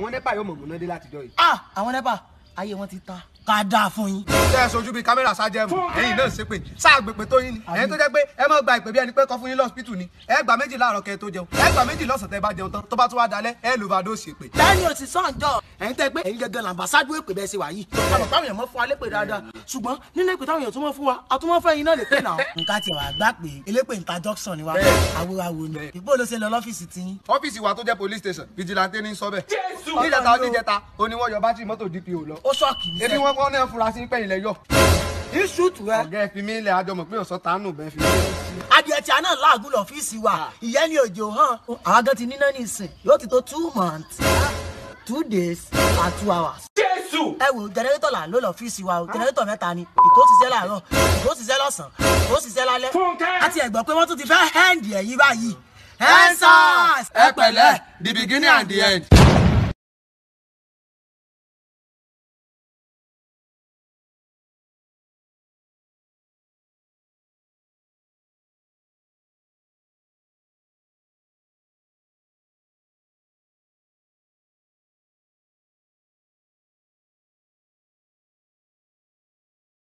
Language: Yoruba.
àwọn nẹ́pà yóò mọ̀ múná dé látijọ́ yìí. ah àwọn nẹ́pà ayé wọn ti ta ká dáa fún yín. ṣé ẹ sojú bíi kámẹ́rà sájẹ́mù ẹ̀yin náà ṣe pé sáàgbèpè tó yín ni ẹ̀yin tó jẹ́ pé ẹ má gba ìpè bí ẹni pé kọ́ fún yín lọ́sípítù ni ẹ gbà méjì láàárọ̀ kẹ́ tó jẹun ẹ gbà méjì lọ́sàn tẹ́ bá jẹun tán tó bá tún wá dalẹ̀ ẹ lòbàdó ṣèpè. lẹ́yìn òsì sànjọ́ ẹ̀yin tẹ́ pé ẹ̀yin gẹ́gẹ́ làǹbàṣájú èpè bẹ́ẹ̀ ṣe wà yìí àmọ́ táwọn èèyàn mọ́ fún wa dáadáa ṣùgbọ́n nínú èpè táwọn èèyàn tún mọ́ fún wa a fẹ́ yín náà lépè náà. nǹkan tiẹ̀ wàá gbà pé elépè ń ta dọ́kṣọ̀n ni wa awúrawo ni ìbò ló ṣe lọ lọ́fíìsì ti ọ́fíìsì wa tó jẹ́ police station vigilante ní sọ́bẹ̀ níjẹta adìẹ tí a náà láàgùn lọ́fíìsì wa ah. ìyẹn ni òjò hàn. àwọn agan ti níná ní ìsìn yóò ti tó two months two days and two hours. jésù. ẹ wo jẹnẹrétọ̀ là ń lò lọ́fíìsì wa o jẹnẹrétọ̀ mẹ́ta ni ìkó ṣiṣẹ́ làárọ̀ ìkó ṣiṣẹ́ lọ́sàn-án ìkó ṣiṣẹ́ lálẹ́. fúnkẹ́. a ti ẹ̀ pé wọ́n tún ti fẹ́ hẹ́ǹdì ẹ̀yìn báyìí. ẹ ẹ pẹ̀lẹ́ the beginning and the end.